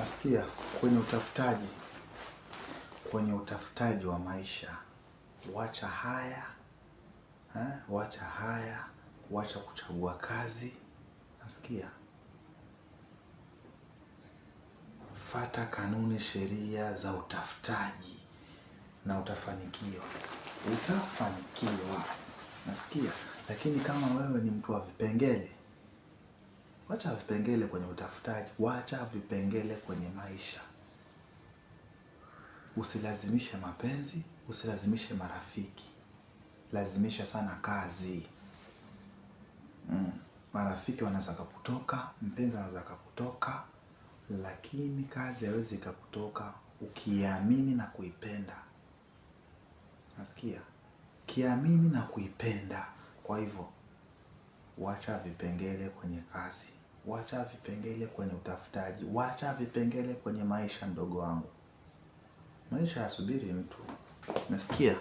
nasikia kwenye utafutaji, kwenye utafutaji wa maisha, wacha haya eh, wacha haya, wacha kuchagua kazi, nasikia fata kanuni, sheria za utafutaji na utafanikiwa, utafanikiwa nasikia. Lakini kama wewe ni mtu wa vipengele Wacha vipengele kwenye utafutaji, wacha vipengele kwenye maisha. Usilazimishe mapenzi, usilazimishe marafiki, lazimisha sana kazi. Mm. Marafiki wanaweza kakutoka mpenzi anaweza kakutoka lakini kazi haiwezi ikakutoka ukiamini na kuipenda. Nasikia? Kiamini na kuipenda. Kwa hivyo wacha vipengele kwenye kazi wacha vipengele kwenye utafutaji, wacha vipengele kwenye maisha, mdogo wangu. Maisha yasubiri mtu, nasikia.